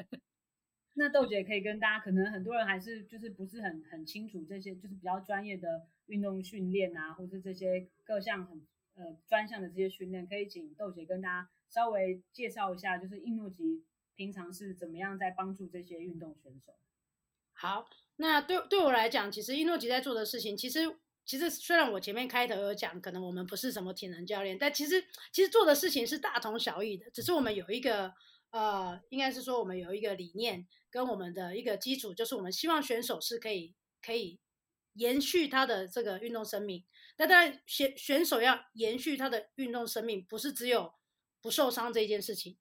那豆姐可以跟大家，可能很多人還是就是不是很很清楚這些，就是比較專業的。運動訓練啊，或是這些各項很呃專項的這些訓練，可以請豆姐跟大家稍微介紹一下，就是印諾吉平常是怎麼樣在幫助這些運動選手？嗯、好，那對對我來講，其實易諾吉在做的事情，其實其實雖然我前面開頭有講，可能我們不是什麼體能教練，但其實其實做的事情是大同小異的，只是我們有一個呃，應該是說我們有一個理念跟我們的一個基礎，就是我們希望選手是可以可以。延續他的這個運動生命，那當然選選手要延續他的運動生命，不是只有不受傷這一件事情。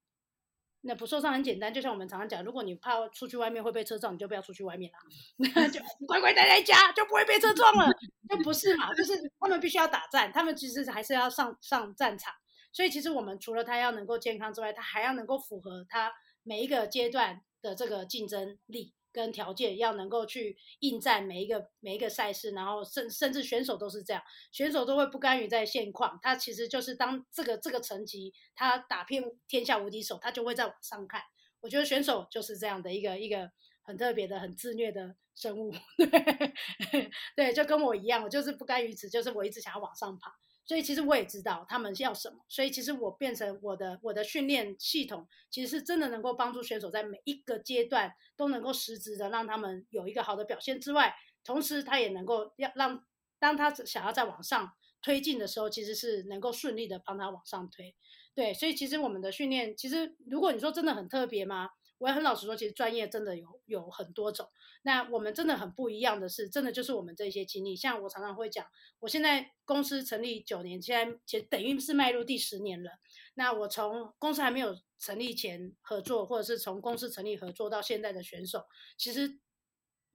那不受傷很簡單，就像我們常常講，如果你怕出去外面會被車撞，你就不要出去外面啦， 那就乖乖待在家，就不會被車撞了。 就不是嘛？就是他們必須要打仗，他們其實還是要上上戰場。所以其實我們除了他要能夠健康之外，他還要能夠符合他每一個階段的這個競爭力。跟條件要能夠去應戰每一個每一個賽事，然後甚甚至選手都是這樣，選手都會不甘於在現況。他其實就是當這個這個層級，他打遍天下無敵手，他就會再往上看。我覺得選手就是這樣的一個一個很特別的、很自虐的生物。對， 對，就跟我一樣，我就是不甘於此，就是我一直想要往上爬。所以其實我也知道他們要什麼，所以其實我變成我的我的訓練系統，其實是真的能夠幫助選手在每一個階段都能夠實質的讓他們有一個好的表現之外，同時他也能夠要讓當他想要再往上推進的時候，其實是能夠順利的幫他往上推。對，所以其實我們的訓練，其實如果你說真的很特別嗎？我也很老實說，其實專業真的有有很多種。那我們真的很不一樣的是，真的就是我們這些經歷。像我常常會講，我現在公司成立九年，現在其實等於是邁入第十年了。那我從公司還沒有成立前合作，或者是從公司成立合作到現在的選手，其實。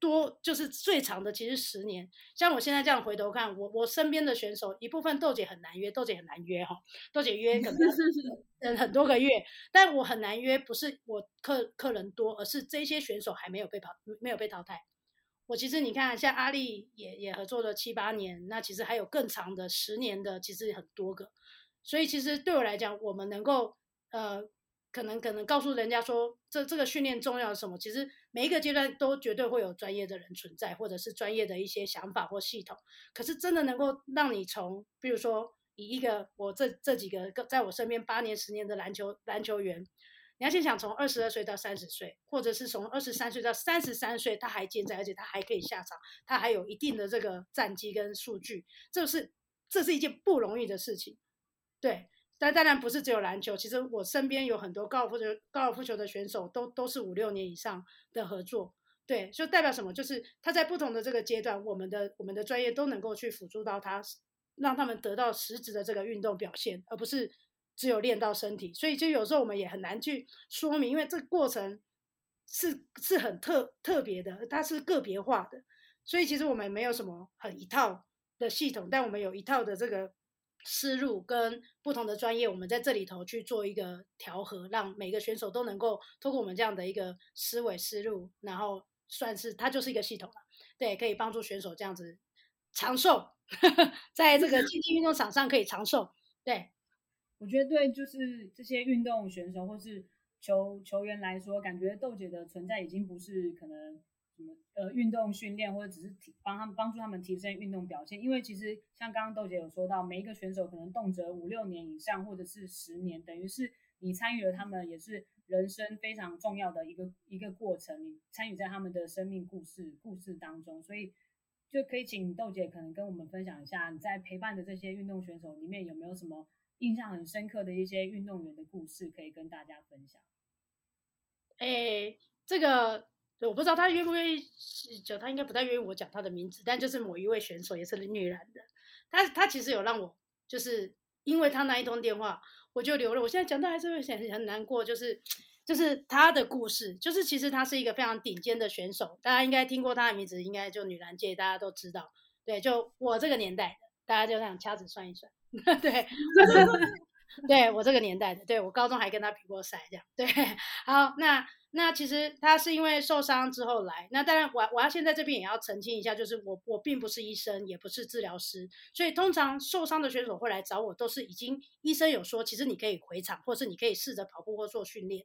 多就是最長的，其實十年。像我現在這樣回頭看，我我身邊的選手一部分豆姐很難約，豆姐很難約哈、哦，豆姐約可能嗯很多個月，是是是，但我很難約，不是我客客人多，而是這些選手還沒有被跑，沒有被淘汰。我其實你看，像阿麗也也合作了七八年，那其實還有更長的十年的，其實很多個。所以其實對我來講，我們能夠呃。可能可能告訴人家說，這這個訓練重要是什麼？其實每一個階段都絕對會有專業的人存在，或者是專業的一些想法或系統。可是真的能夠讓你從，比如說以一個我這這幾個在我身邊八年、十年的籃球籃球員，你要先想從二十二歲到三十歲，或者是從二十三歲到三十三歲，他還健在，而且他還可以下場，他還有一定的這個戰績跟數據，這是這是一件不容易的事情，對。但當然不是只有籃球，其實我身邊有很多高爾夫球、高爾夫球的選手都都是五六年以上的合作，對，就代表什麼？就是他在不同的這個階段，我們的我們的專業都能夠去輔助到他，讓他們得到實質的這個運動表現，而不是只有練到身體。所以就有時候我們也很難去說明，因為這個過程是是很特特別的，它是個別化的。所以其實我們沒有什麼很一套的系統，但我們有一套的這個，思路跟不同的專業，我們在這裡頭去做一個調和，讓每個選手都能夠透過我們這樣的一個思維思路，然後算是它就是一個系統了。對，可以幫助選手這樣子長壽， 在這個競技運動場上可以長壽。對我覺得，對，就是這些運動選手或是球球員來說，感覺豆姐的存在已經不是可能。什麼呃，運動訓練或者只是提幫他們幫助他們提升運動表現，因為其實像剛剛豆姐有說到，每一個選手可能動輒五六年以上，或者是十年，等於是你參與了他們，也是人生非常重要的一個一個過程，你參與在他們的生命故事故事當中，所以就可以請豆姐可能跟我們分享一下，你在陪伴的這些運動選手裡面有沒有什麼印象很深刻的一些運動員的故事可以跟大家分享？誒、欸，這個。我不知道他願不願意，就他應該不太願意我講他的名字。但就是某一位選手也是女籃的，他他其實有讓我，就是因為他那一通電話，我就流淚了。我現在講的還是會顯得很難過，就是就是他的故事，就是其實他是一個非常頂尖的選手，大家應該聽過他的名字，應該就女籃界大家都知道。對，就我這個年代的，大家就這樣掐指算一算，對。 對我這個年代的。對，我高中還跟他比過賽，這樣對。好，那那其實他是因為受傷之後來，那當然我我要現在這邊也要澄清一下，就是我我並不是醫生，也不是治療師，所以通常受傷的選手會來找我，都是已經醫生有說，其實你可以回場，或是你可以試着跑步或做訓練，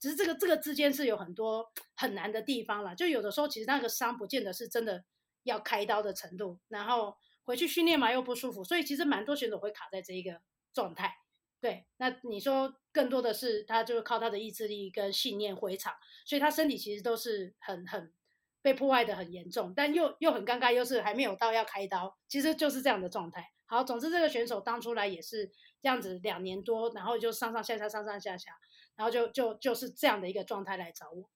只是這個這個之間是有很多很難的地方了。就有的時候其實那個傷不見得是真的要開刀的程度，然後回去訓練嘛又不舒服，所以其實蠻多選手會卡在這一個狀態。對，那你說更多的是他就是靠他的意志力跟信念回場，所以他身體其實都是很很被破壞的很嚴重，但又又很尷尬，又是還沒有到要開刀，其實就是這樣的狀態。好，總之這個選手當初來也是這樣子兩年多，然後就上上下下上上下下，然後就就就是這樣的一個狀態來找我。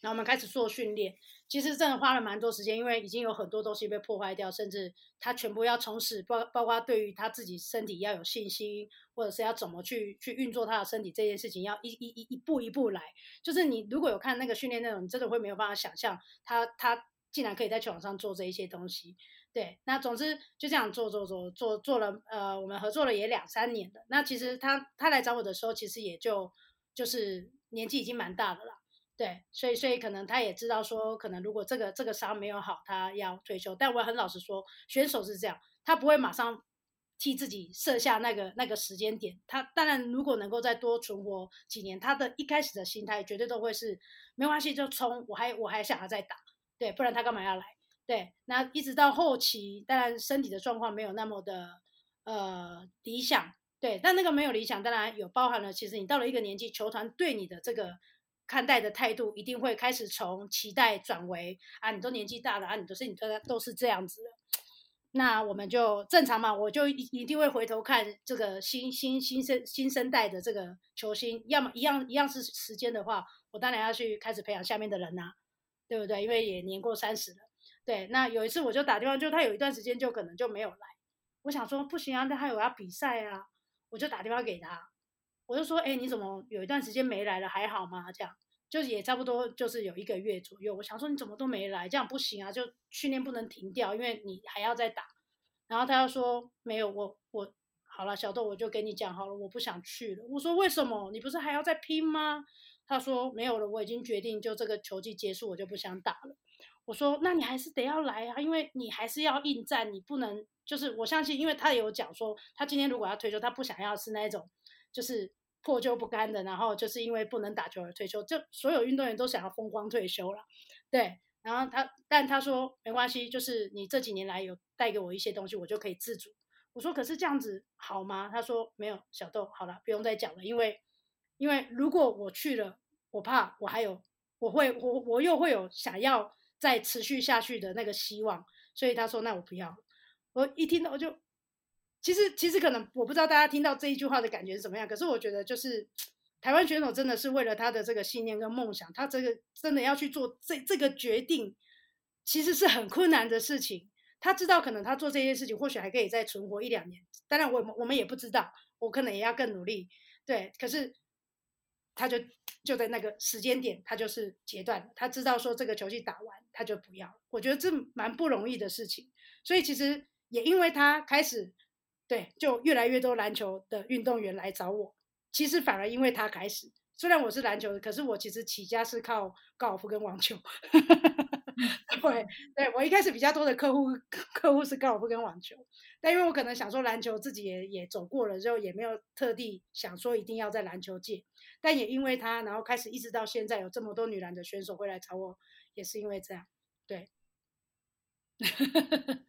然後我們開始做訓練，其實真的花了蠻多時間，因為已經有很多東西被破壞掉，甚至他全部要重拾，包包括他對於他自己身體要有信心，或者是要怎麼去去運作他的身體這件事情，要一一一一步一步來。就是你如果有看那個訓練內容，你真的會沒有辦法想象他他竟然可以在球場上做這一些東西。對，那總之就這樣做做做做做了，呃，我們合作了也兩三年了。那其實他他來找我的時候，其實也就就是年紀已經蠻大了啦。對，所以所以可能他也知道說，可能如果這個這個傷沒有好，他要退休。但我很老實說，選手是這樣，他不會馬上替自己設下那個那個時間點。他當然如果能夠再多存活幾年，他的一開始的心態絕對都會是沒關係，就衝我還我還想要再打，對，不然他幹嘛要來？對，那一直到後期，當然身體的狀況沒有那麼的呃理想，對，但那個沒有理想，當然有包含了，其實你到了一個年紀，球團對你的這個。看待的態度一定會開始從期待轉為啊，你都年紀大了啊，你都是你，都都是這樣子的。那我們就正常嘛，我就一定會回頭看這個新新新生新生代的這個球星，要麼一樣一樣是時間的話，我當然要去開始培養下面的人啊，對不對？因為也年過三十了。對，那有一次我就打電話，就他有一段時間就可能就沒有來，我想說不行啊，那他有要比賽啊，我就打電話給他。我就說，誒、欸，你怎麼有一段時間沒來了？還好嗎？這樣就也差不多，就是有一個月左右。我想說，你怎麼都沒來？這樣不行啊！就訓練不能停掉，因為你還要再打。然後他又說沒有，我我好了，小豆，我就跟你講好了，我不想去了。我說為什麼？你不是還要再拼嗎？他說沒有了，我已經決定，就這個球季結束，我就不想打了。我說那你還是得要來啊，因為你還是要應戰，你不能就是我相信，因為他也有講說，他今天如果要退休，他不想要是那種。就是破舊不甘的，然後就是因為不能打球而退休，就所有運動員都想要風光退休了。對，然後他，但他說沒關係，就是你這幾年來有帶給我一些東西，我就可以自主。我說可是這樣子好嗎？他說沒有，小豆，好了，不用再講了，因為因為如果我去了，我怕我還有，我會我我又會有想要再持續下去的那個希望，所以他說那我不要。我一聽到我就。其實，其實可能我不知道大家聽到這一句話的感覺是怎麼樣。可是我覺得，就是台灣選手真的是為了他的這個信念跟夢想，他這個真的要去做這這個決定，其實是很困難的事情。他知道，可能他做這件事情，或許還可以再存活一兩年。當然我，我我們也不知道，我可能也要更努力。對，可是他就就在那個時間點，他就是截斷。他知道說這個球季打完，他就不要。我覺得這蠻不容易的事情。所以其實也因為他開始。對，就越來越多籃球的運動員來找我。其實反而因為他開始，雖然我是籃球，可是我其實起家是靠高爾夫跟網球。 對，對，我一開始比較多的客戶，客戶是高爾夫跟網球。但因為我可能想說籃球自己也也走過了之後，也沒有特地想說一定要在籃球界。但也因為他，然後開始一直到現在有這麼多女籃的選手會來找我，也是因為這樣。對。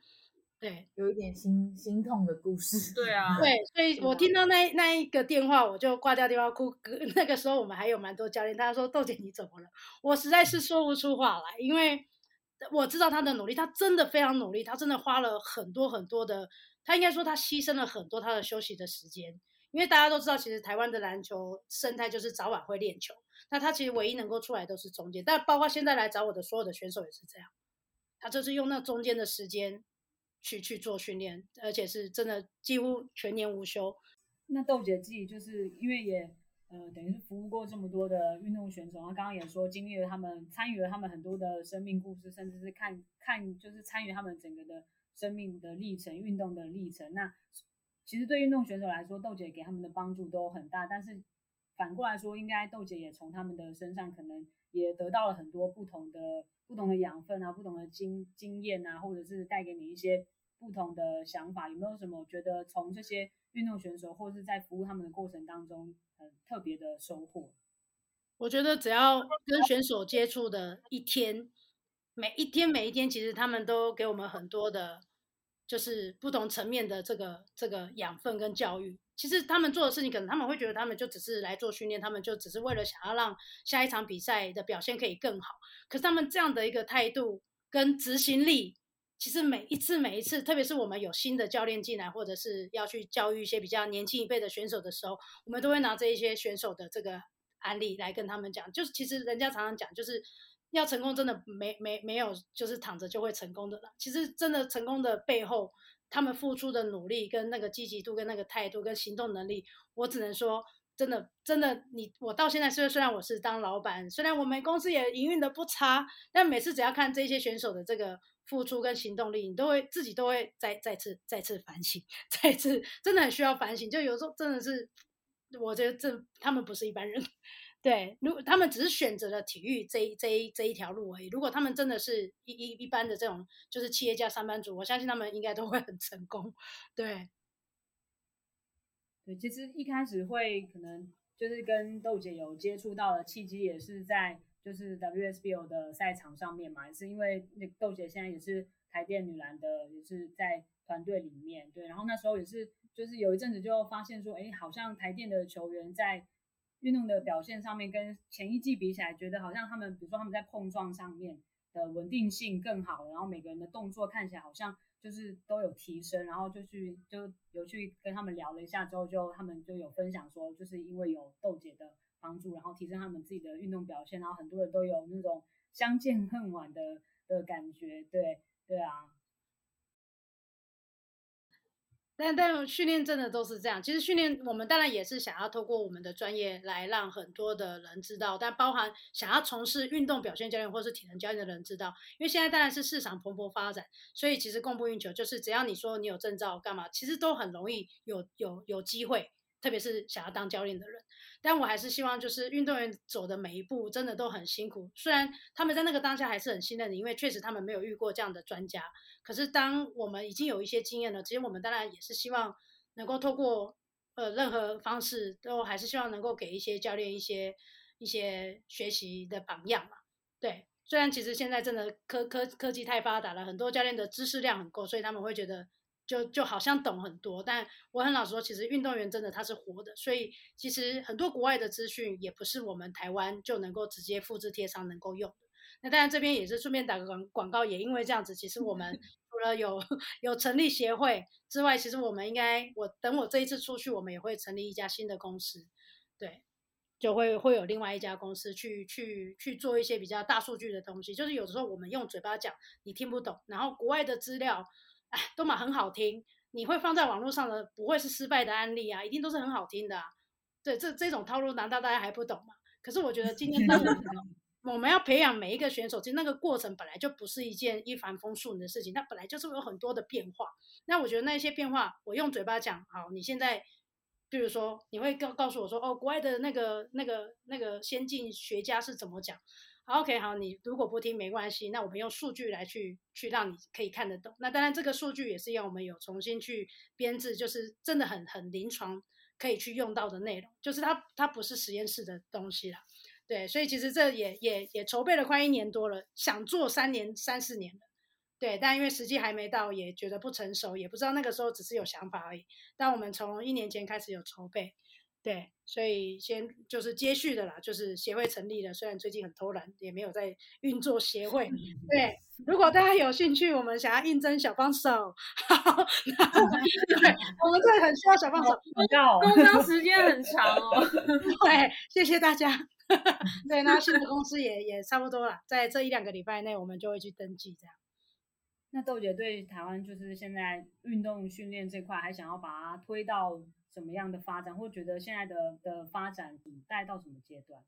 對，有一點心心痛的故事。對啊，對，所以我聽到那那一個電話，我就掛掉電話哭，哭。那個時候我們還有蠻多教練，他說：“豆姐你怎麼了？”我實在是說不出話來，因為我知道他的努力，他真的非常努力，他真的花了很多很多的，他應該說他犧牲了很多他的休息的時間，因為大家都知道，其實台灣的籃球生態就是早晚會練球，那他其實唯一能夠出來都是中間，但包括現在來找我的所有的選手也是這樣，他就是用那中間的時間。去去做訓練，而且是真的幾乎全年無休。那豆姐自己就是因為也呃，等於是服務過這麼多的運動選手，然後剛剛也說經歷了他們參與了他們很多的生命故事，甚至是看看就是參與他們整個的生命的歷程、運動的歷程。那其實對運動選手來說，豆姐給他們的幫助都很大，但是反過來說，應該豆姐也從他們的身上可能也得到了很多不同的。不同的養分啊，不同的經經驗啊，或者是帶給你一些不同的想法，有沒有什麼覺得從這些運動選手，或者是在服務他們的過程當中，很特別的收穫？我覺得只要跟選手接觸的一天，每一天每一天，其實他們都給我們很多的，就是不同層面的這個這個養分跟教育，其實他們做的事情，可能他們會覺得他們就只是來做訓練，他們就只是為了想要讓下一場比賽的表現可以更好。可是他們這樣的一個態度跟執行力，其實每一次每一次，特別是我們有新的教練進來，或者是要去教育一些比較年輕一輩的選手的時候，我們都會拿這一些選手的這個案例來跟他們講。就是其實人家常常講，就是要成功真的沒沒沒有就是躺着就會成功的了。其實真的成功的背後。他們付出的努力跟那個積極度、跟那個態度、跟行動能力，我只能說，真的，真的，你我到現在雖雖然我是當老闆，雖然我們公司也營運的不差，但每次只要看這些選手的這個付出跟行動力，你都會自己都會再再次再次反省，再次真的很需要反省。就有時候真的是，我覺得這他們不是一般人。對，如果他們只是選擇了體育這一這一這一條路而已，如果他們真的是一一一般的這種就是企業家上班族，我相信他們應該都會很成功。對，對，其實一開始會可能就是跟豆姐有接觸到的契機，也是在就是 WSBL 的賽場上面嘛，也是因為那豆姐現在也是台電女籃的，也是在團隊裡面，對，然後那時候也是就是有一陣子就發現說，哎，好像台電的球員在。運動的表現上面跟前一季比起來，覺得好像他們，比如說他們在碰撞上面的穩定性更好，然後每個人的動作看起來好像就是都有提升，然後就去就有去跟他們聊了一下之後，就他們就有分享說，就是因為有豆姐的幫助，然後提升他們自己的運動表現，然後很多人都有那種相見恨晚的的感覺，對，對啊。但但訓練真的都是這樣，其實訓練我們當然也是想要透過我們的專業來讓很多的人知道，但包含想要從事運動表現教練或是體能教練的人知道，因為現在當然是市場蓬勃發展，所以其實供不應求，就是只要你說你有證照幹嘛，其實都很容易有有有機會。特別是想要當教練的人，但我還是希望，就是運動員走的每一步真的都很辛苦。雖然他們在那個當下還是很信任你，因為確實他們沒有遇過這樣的專家。可是當我們已經有一些經驗了，其實我們當然也是希望能夠透過呃任何方式，都還是希望能夠給一些教練一些一些學習的榜樣嘛。對，雖然其實現在真的科科科技太發達了，很多教練的知識量很夠，所以他們會覺得。就就好像懂很多，但我很老實說，其實運動員真的他是活的，所以其實很多國外的資訊也不是我們台灣就能夠直接複製貼上能夠用的。那當然這邊也是順便打個廣廣告，也因為這樣子，其實我們除了有有成立協會之外，其實我們應該，我等我這一次出去，我們也會成立一家新的公司，對，就會會有另外一家公司去去去做一些比較大數據的東西，就是有的時候我們用嘴巴講你聽不懂，然後國外的資料。哎，都嘛很好聽。你會放在網絡上的，不會是失敗的案例啊，一定都是很好聽的啊。對，這這種套路，難道大家還不懂嗎？可是我覺得今天當了，我們 我們要培養每一個選手，其實那個過程本來就不是一件一帆風順的事情，那本來就是有很多的變化。那我覺得那些變化，我用嘴巴講，好，你現在，比如說，你會告告訴我說，哦，國外的那個那個那個先進學家是怎麼講？OK 好，你如果不聽沒關係，那我們用數據來去去讓你可以看得懂。那當然，這個數據也是要我們有重新去編製，就是真的很很臨床可以去用到的內容，就是它它不是實驗室的東西啦。對，所以其實這也也也籌備了快一年多了，想做三年三四年了。對，但因為時機還沒到，也覺得不成熟，也不知道那個時候只是有想法而已。但我們從一年前開始有籌備。對，所以先就是接續的啦，就是協會成立了，雖然最近很偷懶，也沒有在運作協會。對，如果大家有興趣，我們想要應徵小幫手，好對，我們這很需要小幫手。公告，公告時間很長哦。對，謝謝大家。對，那新的公司也也差不多了，在這一兩個禮拜內，我們就會去登記這樣。那豆姐對台灣就是現在運動訓練這塊，還想要把它推到怎麼樣的發展，或覺得現在的的發展，帶到什麼階段？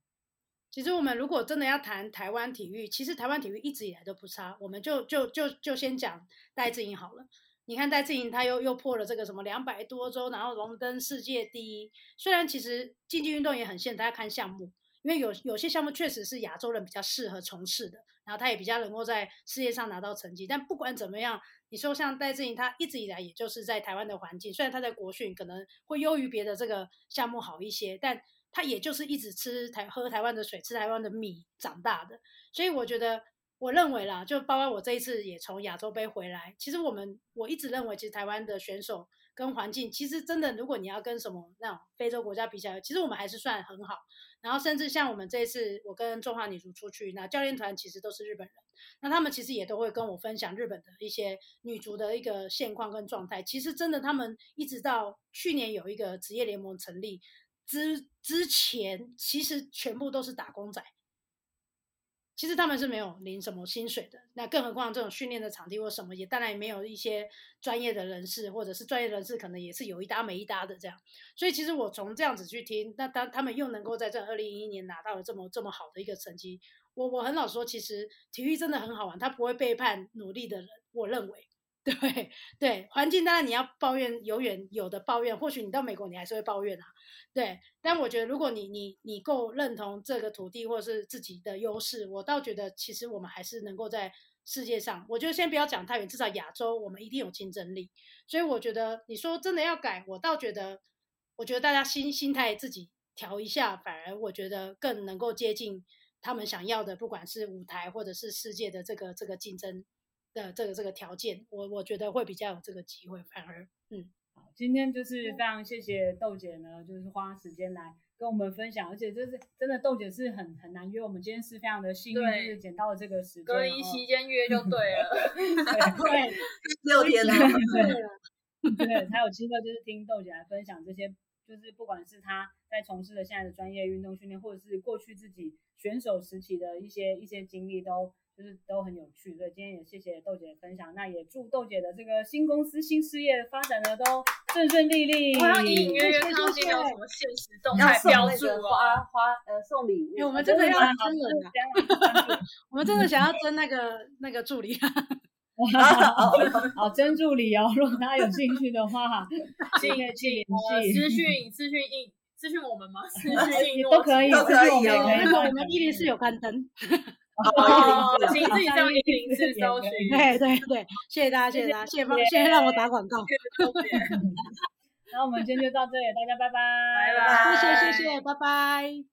其實我們如果真的要談台灣體育，其實台灣體育一直以來都不差。我們就就就就先講戴資穎好了。你看戴資穎他又又破了這個什麼兩百多週，然後榮登世界第一。雖然其實競技運動也很現實，大家看項目，因為有有些項目確實是亞洲人比較適合從事的。然後他也比較能夠在事業上拿到成績，但不管怎麼樣，你說像戴資穎，他一直以來也就是在台灣的環境，雖然他在國訓可能會優於別的這個項目好一些，但他也就是一直吃台喝台灣的水，吃台灣的米長大的，所以我覺得，我認為啦，就包括我這一次也從亞洲杯回來，其實我們我一直認為，其實台灣的選手。跟環境其實真的，如果你要跟什麼那種非洲國家比起來，其實我們還是算很好。然後甚至像我們這一次，我跟中華女足出去，那教練團其實都是日本人，那他們其實也都會跟我分享日本的一些女足的一個現況跟狀態。其實真的，他們一直到去年有一個職業聯盟成立之之前，其實全部都是打工仔。其實他們是沒有領什麼薪水的，那更何況這種訓練的場地或什麼，也當然也沒有一些專業的人士，或者是專業人士可能也是有一搭沒一搭的這樣。所以其實我從這樣子去聽，那他他們又能夠在這二零一一年拿到了這麼這麼好的一個成績，我我很老實說，其實體育真的很好玩，他不會背叛努力的人，我認為。對對，環境當然你要抱怨，永遠有的抱怨。或許你到美國，你還是會抱怨啊。對，但我覺得如果你你你夠認同這個土地或是自己的優勢，我倒覺得其實我們還是能夠在世界上。我覺得先不要講太遠，至少亞洲我們一定有競爭力。所以我覺得你說真的要改，我倒覺得，我覺得大家心心態自己調一下，反而我覺得更能夠接近他們想要的，不管是舞台或者是世界的這個這個競爭。的這個這個條件，我我覺得會比較有這個機會，反而。嗯，好，今天就是非常謝謝豆姐呢，對就是花時間來跟我們分享，而且就是真的豆姐是很很難約，因為我們今天是非常的幸運，對就是撿到了這個時間。隔離期間約就對了，對，六天了，對，對，才有機會就是聽豆姐來分享這些，就是不管是她在從事的現在的專業運動訓練，或者是過去自己選手時期的一些一些經歷都。就是都很有趣，所以今天也謝謝豆姐的分享。那也祝豆姐的這個新公司、新事業發展的都順順利利。我要隱隱約約看到什麼現實動態、標誌、花花呃送禮物。我們真的要徵了，我們真的想要徵那個那個助理。好，好徵助理哦！如果大家有興趣的話，進進私訊私訊應私訊我們嗎？私訊應都可以，私訊也可以。我們弟弟是有刊登。Oh, 哦，親自到一零四搜尋。對對對，謝謝大家，謝謝大家，謝謝幫，謝謝謝謝讓我打廣告。然後我們今天就到這裡，大家拜拜，拜拜 bye，謝謝謝謝，拜拜。